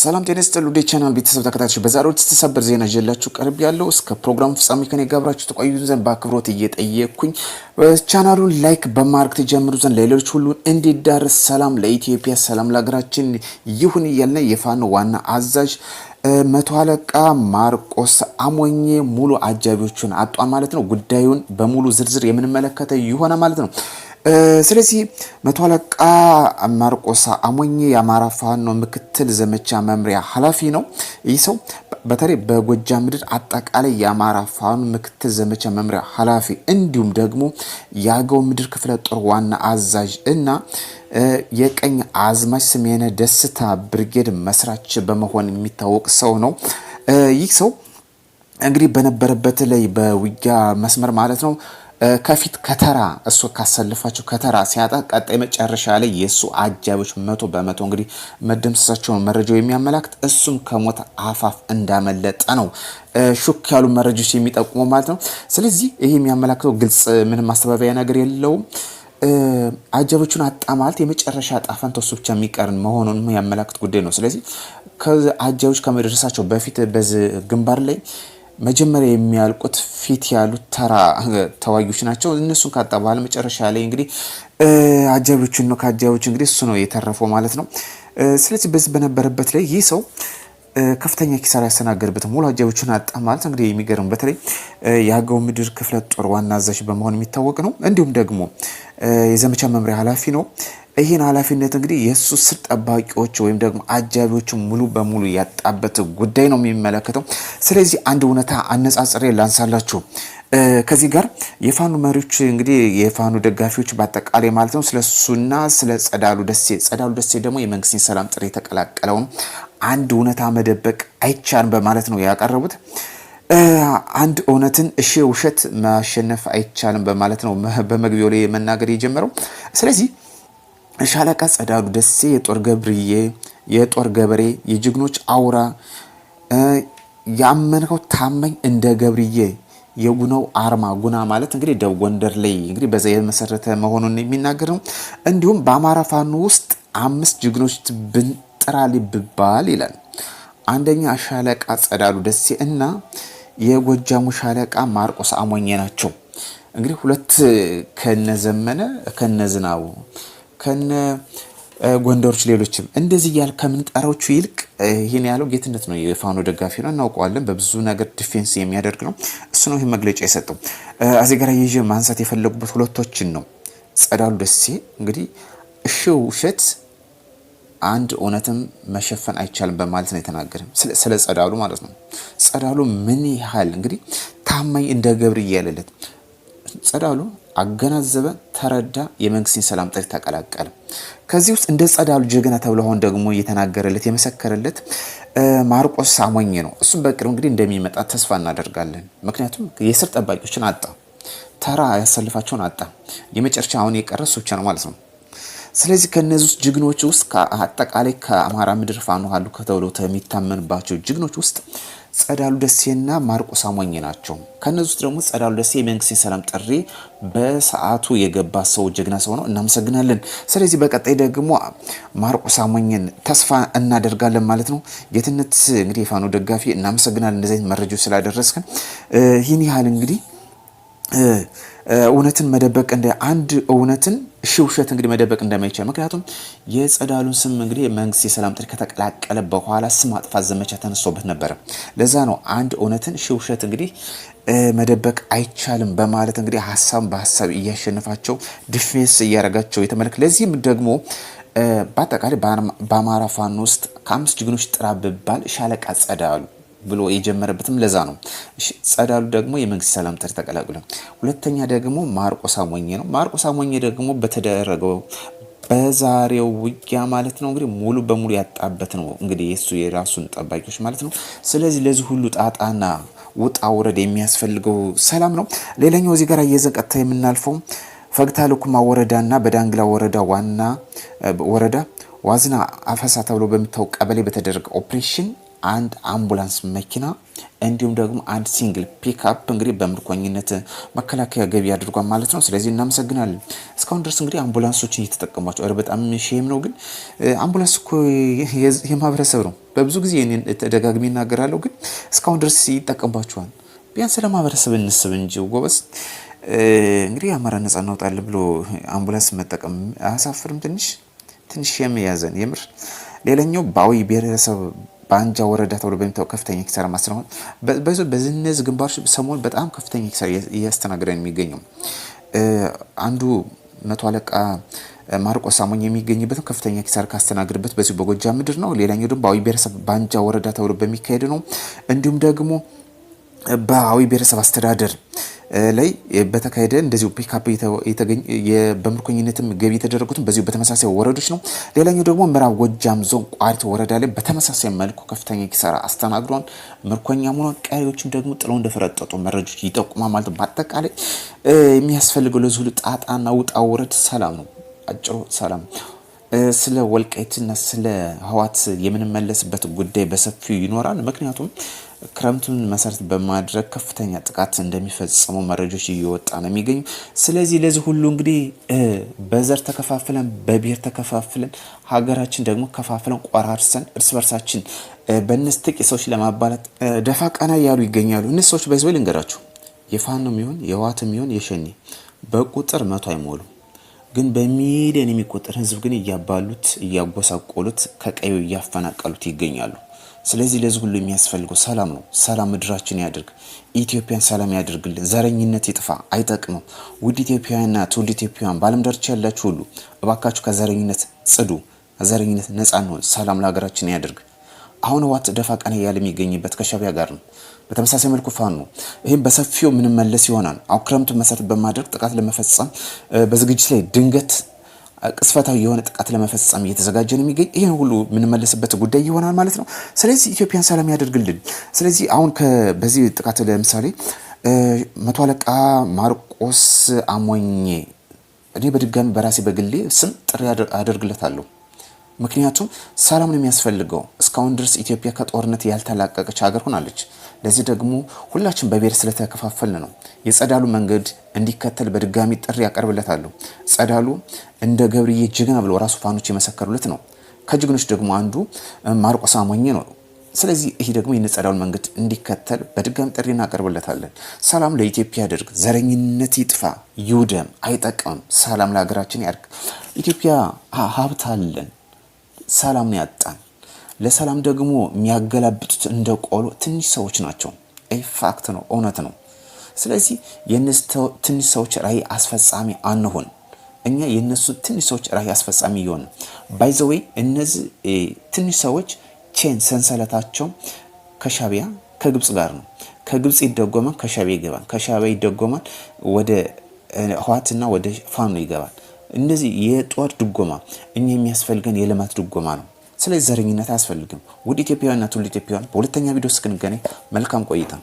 ሰላም ጤና ይስጥልኝ ውዴ ቻናል ቤተሰብ ተከታታዮች፣ በዛሬው እትም ሰበር ዜና ይዤላችሁ ቀርብ ያለው እስከ ፕሮግራም ፍጻሜ ከኔ ጋር አብራችሁ ተቆዩ ዘንድ በአክብሮት እየጠየቅኩኝ ቻናሉን ላይክ በማድረግ ተጀምሩ ዘንድ ለሌሎች ሁሉ እንዲዳረስ። ሰላም ለኢትዮጵያ፣ ሰላም ለሀገራችን ይሁን እያልን የፋኖ ዋና አዛዥ መቶ አለቃ ማርቆስ አሞኜ ሙሉ አጃቢዎቹን አጧ ማለት ነው። ጉዳዩን በሙሉ ዝርዝር የምንመለከተው ይሆነ ማለት ነው። ስለዚህ መቶ አለቃ ማርቆስ አሞኜ የአማራ ፋኖ ምክትል ዘመቻ መምሪያ ኃላፊ ነው። ይህ ሰው በተለይ በጎጃም ምድር አጠቃላይ የአማራ ፋኖ ምክትል ዘመቻ መምሪያ ኃላፊ እንዲሁም ደግሞ የአገው ምድር ክፍለ ጦር ዋና አዛዥ እና የቀኝ አዝማች ስሜነ ደስታ ብርጌድ መስራች በመሆን የሚታወቅ ሰው ነው። ይህ ሰው እንግዲህ በነበረበት ላይ በውጊያ መስመር ማለት ነው ከፊት ከተራ እሱ ካሰልፋቸው ከተራ ሲያጣ ቀጣይ መጨረሻ ላይ የእሱ አጃቢዎች መቶ በመቶ እንግዲህ መደምሰሳቸውን መረጃው የሚያመላክት እሱም ከሞት አፋፍ እንዳመለጠ ነው ሹክ ያሉ መረጃዎች የሚጠቁሙ ማለት ነው። ስለዚህ ይህ የሚያመላክተው ግልጽ ምንም ማስተባበያ ነገር የለውም። አጃቢዎቹን አጣ ማለት የመጨረሻ ጣፋን ተወሱ ብቻ የሚቀርን መሆኑን የሚያመላክት ጉዳይ ነው። ስለዚህ ከአጃቢዎች ከመድረሳቸው በፊት በዚህ ግንባር ላይ መጀመሪያ የሚያልቁት ፊት ያሉት ተራ ተዋጊዎች ናቸው። እነሱን ካጣ በኋላ መጨረሻ ላይ እንግዲህ አጃቢዎችን ነው ከአጃቢዎች እንግዲህ እሱ ነው የተረፈው ማለት ነው። ስለዚህ በዚህ በነበረበት ላይ ይህ ሰው ከፍተኛ ኪሳራ ያስተናገድበት ሙሉ አጃቢዎችን አጣ ማለት እንግዲህ የሚገርም በተለይ የአገው ምድር ክፍለ ጦር ዋና አዛዥ በመሆን የሚታወቅ ነው። እንዲሁም ደግሞ የዘመቻ መምሪያ ኃላፊ ነው። ይህን ኃላፊነት እንግዲህ የእሱ ስር ጠባቂዎች ወይም ደግሞ አጃቢዎቹ ሙሉ በሙሉ ያጣበት ጉዳይ ነው የሚመለከተው። ስለዚህ አንድ እውነታ አነጻጽሬ ላንሳላችሁ። ከዚህ ጋር የፋኑ መሪዎች እንግዲህ የፋኑ ደጋፊዎች በአጠቃላይ ማለት ነው ስለ እሱና ስለ ጸዳሉ ደሴ፣ ጸዳሉ ደሴ ደግሞ የመንግስትን ሰላም ጥሪ የተቀላቀለውን አንድ እውነታ መደበቅ አይቻልም በማለት ነው ያቀረቡት። አንድ እውነትን እሺ ውሸት ማሸነፍ አይቻልም በማለት ነው በመግቢያው ላይ መናገር የጀመረው። ስለዚህ ሻለቃ ጸዳሉ ደሴ፣ የጦር ገብርዬ፣ የጦር ገበሬ፣ የጀግኖች አውራ፣ ያመንከው ታመኝ እንደ ገብርዬ፣ የጉናው አርማ ጉና ማለት እንግዲህ ደቡብ ጎንደር ላይ እንግዲህ በዛ የመሰረተ መሆኑን የሚናገር ነው። እንዲሁም በአማራ ፋኖ ውስጥ አምስት ጀግኖች ብንጥራ ሊብባል ይላል። አንደኛ ሻለቃ ጸዳሉ ደሴ እና የጎጃሙ ሻለቃ ማርቆስ አሞኘ ናቸው። እንግዲህ ሁለት ከነዘመነ ከነዝናቡ ከነ ጎንደሮች ሌሎችም እንደዚህ እያል ከምንጠራዎቹ ይልቅ ይህን ያለው ጌትነት ነው። የፋኖ ደጋፊ ነው እናውቀዋለን። በብዙ ነገር ዲፌንስ የሚያደርግ ነው። እሱ ነው ይህ መግለጫ የሰጠው። እዚህ ጋር ይዤ ማንሳት የፈለጉበት ሁለቶችን ነው። ጸዳሉ ደሴ እንግዲህ እሺ ውሸት አንድ እውነትም መሸፈን አይቻልም በማለት ነው የተናገረ ስለ ጸዳሉ ማለት ነው። ጸዳሉ ምን ያህል እንግዲህ ታማኝ እንደ ገብር እያለለት ጸዳሉ አገናዘበ፣ ተረዳ፣ የመንግስትን ሰላም ጥሪ ተቀላቀለ። ከዚህ ውስጥ እንደ ጸዳሉ ጀግና አሁን ደግሞ እየተናገረለት የመሰከረለት ማርቆስ ሳሞኝ ነው። እሱም በቅርብ እንግዲህ እንደሚመጣ ተስፋ እናደርጋለን። ምክንያቱም የስር ጠባቂዎችን አጣ፣ ተራ ያሰልፋቸውን አጣ። የመጨረሻ አሁን የቀረ እሱ ብቻ ነው ማለት ነው። ስለዚህ ከእነዚህ ውስጥ ጀግኖች ውስጥ አጠቃላይ ከአማራ ምድር ፋኖ አሉ ከተብሎ የሚታመንባቸው ጀግኖች ውስጥ ጸዳሉ ደሴና ማርቆስ አሞኝ ናቸው። ከእነዚህ ውስጥ ደግሞ ጸዳሉ ደሴ የመንግስት የሰላም ጥሪ በሰዓቱ የገባ ሰው ጀግና ሰው ነው። እናመሰግናለን። ስለዚህ በቀጣይ ደግሞ ማርቆስ አሞኝን ተስፋ እናደርጋለን ማለት ነው። ጌትነት እንግዲህ የፋኖ ደጋፊ እናመሰግናለን፣ እንደዚህ መረጃ ስላደረስክን ይህን ያህል እንግዲህ እውነትን መደበቅ እንደ አንድ እውነትን ሽውሸት እንግዲህ መደበቅ እንደማይቻል ምክንያቱም የጸዳሉን ስም እንግዲህ መንግስት የሰላም ጥሪ ከተቀላቀለ በኋላ ስም ማጥፋት ዘመቻ ተነስቶበት ነበረ። ለዛ ነው አንድ እውነትን ሽውሸት እንግዲህ መደበቅ አይቻልም በማለት እንግዲህ ሀሳብ በሀሳብ እያሸነፋቸው ዲፌንስ እያረጋቸው የተመለክ ለዚህም ደግሞ በአጠቃላይ በአማራ ፋኖ ውስጥ ከአምስት ጀግኖች ጥራ ብባል ሻለቃ ጸዳሉ ብሎ የጀመረበትም ለዛ ነው። ጸዳሉ ደግሞ የመንግስት ሰላምታ ተቀላቅሎ፣ ሁለተኛ ደግሞ ማርቆስ አሞኘ ነው። ማርቆስ አሞኘ ደግሞ በተደረገው በዛሬው ውጊያ ማለት ነው እንግዲህ ሙሉ በሙሉ ያጣበት ነው እንግዲህ የሱ የራሱን ጠባቂዎች ማለት ነው። ስለዚህ ለዚህ ሁሉ ጣጣና ውጣ ውረድ የሚያስፈልገው ሰላም ነው። ሌላኛው እዚህ ጋር ቀጥታ የምናልፈው ፈግታ ልኩማ ወረዳና በዳንግላ ወረዳ ዋና ወረዳ ዋዝና አፈሳ ተብሎ በሚታወቅ ቀበሌ በተደረገ ኦፕሬሽን አንድ አምቡላንስ መኪና እንዲሁም ደግሞ አንድ ሲንግል ፒክአፕ እንግዲህ በምርኮኝነት መከላከያ ገቢ አድርጓል ማለት ነው። ስለዚህ እናመሰግናለን። እስካሁን ድረስ እንግዲህ አምቡላንሶችን እየተጠቀሟቸው፣ ኧረ በጣም ሼም ነው። ግን አምቡላንስ እኮ የማህበረሰብ ነው። በብዙ ጊዜ ተደጋግሚ እናገራለሁ። ግን እስካሁን ድረስ ይጠቀምባቸዋል። ቢያንስ ለማህበረሰብ እንስብ እንጂ ጎበስ እንግዲህ አማራ ነጻ እናውጣለን ብሎ አምቡላንስ መጠቀም አያሳፍርም? ትንሽ ትንሽ የሚያዘን የምር ሌላኛው በአዊ ብሔረሰብ በአንጃ ወረዳ ተብሎ በሚታወቅ ከፍተኛ ኪሳራ ማስተናል በዚህ በዝነዝ ግንባሮች ሰሞን በጣም ከፍተኛ ኪሳራ እያስተናገደ የሚገኘው አንዱ መቶ አለቃ ማርቆስ ሳሞኝ የሚገኝበትም ከፍተኛ ኪሳራ ካስተናገድበት በዚሁ በጎጃ ምድር ነው። ሌላኛው ደግሞ በአዊ ብሔረሰብ በአንጃ ወረዳ ተብሎ በሚካሄድ ነው። እንዲሁም ደግሞ በአዊ ብሔረሰብ አስተዳደር ላይ በተካሄደ እንደዚሁ ፒካፕ በምርኮኝነትም ገቢ የተደረጉትም በዚሁ በተመሳሳይ ወረዶች ነው። ሌላኛው ደግሞ ምዕራብ ጎጃም ዞን ቋሪት ወረዳ ላይ በተመሳሳይ መልኩ ከፍተኛ ኪሳራ አስተናግዷል። ምርኮኛ መሆኗን ቀሪዎችም ደግሞ ጥለው እንደፈረጠጡ መረጆች ይጠቁማል ማለት ነው። በአጠቃላይ የሚያስፈልገው ለዚህ ጣጣና ውጣ ውረድ ሰላም ነው። አጭሩ ሰላም ስለ ወልቃይትና ስለ ህዋት የምንመለስበት ጉዳይ በሰፊው ይኖራል። ምክንያቱም ክረምቱን መሰረት በማድረግ ከፍተኛ ጥቃት እንደሚፈጸሙ መረጃዎች እየወጣ ነው የሚገኙ። ስለዚህ ለዚህ ሁሉ እንግዲህ በዘር ተከፋፍለን በብሔር ተከፋፍለን ሀገራችን ደግሞ ከፋፍለን ቆራርሰን እርስ በርሳችን በእነዚህ ጥቂት ሰዎች ለማባላት ደፋ ቀና እያሉ ይገኛሉ። እነዚህ ሰዎች በህዝብ ልንገራችሁ፣ የፋኖም የሚሆን የህወሓትም የሚሆን የሸኔ በቁጥር መቶ አይሞሉም፣ ግን በሚሊዮን የሚቆጠር ህዝብ ግን እያባሉት እያጎሳቆሉት ከቀዩ እያፈናቀሉት ይገኛሉ። ስለዚህ ለዚህ ሁሉ የሚያስፈልገው ሰላም ነው። ሰላም ምድራችን ያድርግ፣ ኢትዮጵያን ሰላም ያድርግልን። ዘረኝነት ይጥፋ፣ አይጠቅምም። ውድ ኢትዮጵያውያንና ትውልድ ኢትዮጵያውያን በዓለም ዳርቻ ያላችሁ ሁሉ እባካችሁ ከዘረኝነት ጽዱ፣ ዘረኝነት ነፃ እንሆን። ሰላም ለሀገራችን ያድርግ። አሁን ህወሓት ደፋ ቀና እያለ የሚገኝበት ከሻዕቢያ ጋር ነው። በተመሳሳይ መልኩ ፋኖ ነው። ይህም በሰፊው ምንመለስ ይሆናል። አሁን ክረምቱን መሰረት በማድረግ ጥቃት ለመፈጸም በዝግጅት ላይ ድንገት ቅስፈታዊ የሆነ ጥቃት ለመፈጸም እየተዘጋጀ ነው የሚገኝ። ይህን ሁሉ የምንመለስበት ጉዳይ ይሆናል ማለት ነው። ስለዚህ ኢትዮጵያን ሰላም ያደርግልን። ስለዚህ አሁን በዚህ ጥቃት ለምሳሌ መቶ አለቃ ማርቆስ አሞኜ እኔ በድጋሚ በራሴ በግሌ ስም ጥሪ አደርግለታለሁ። ምክንያቱም ሰላም ነው የሚያስፈልገው። እስካሁን ድረስ ኢትዮጵያ ከጦርነት ያልተላቀቀች ሀገር ሆናለች። ለዚህ ደግሞ ሁላችን በብሔር ስለተከፋፈልን ነው። የጸዳሉ መንገድ እንዲከተል በድጋሚ ጥሪ ያቀርብለታለሁ። ጸዳሉ እንደ ገብርዬ ጀግና ብሎ ራሱ ፋኖች የመሰከሩለት ነው። ከጀግኖች ደግሞ አንዱ ማርቆስ አሞኜ ነው። ስለዚህ ይሄ ደግሞ የጸዳሉ መንገድ እንዲከተል በድጋሚ ጥሪ እናቀርብለታለን። ሰላም ለኢትዮጵያ ያደርግ ዘረኝነት ይጥፋ፣ ይውደም፣ አይጠቅምም። ሰላም ለሀገራችን ያድርግ። ኢትዮጵያ ሀብት አለን ሰላም ያጣን። ለሰላም ደግሞ የሚያገላብጡት እንደ ቆሎ ትንሽ ሰዎች ናቸው። ፋክት ነው፣ እውነት ነው። ስለዚህ የእነሱ ትንሽ ሰዎች ራዕይ አስፈጻሚ አንሆን። እኛ የእነሱ ትንሽ ሰዎች ራዕይ አስፈጻሚ ይሆን። ባይዘወይ እነዚህ ትንሽ ሰዎች ቼን ሰንሰለታቸው ከሻቢያ ከግብፅ ጋር ነው። ከግብፅ ይደጎማል፣ ከሻቢያ ይገባል፣ ከሻቢያ ይደጎማል፣ ወደ ህዋትና ወደ ፋኖ ይገባል። እንደዚህ የጠዋት ድጎማ እኛ የሚያስፈልገን የልማት ድጎማ ነው። ስለዚህ ዘረኝነት አያስፈልግም። ውድ ኢትዮጵያውያንና ትውልድ ኢትዮጵያውያን በሁለተኛ ቪዲዮ እስክንገናኝ መልካም ቆይታ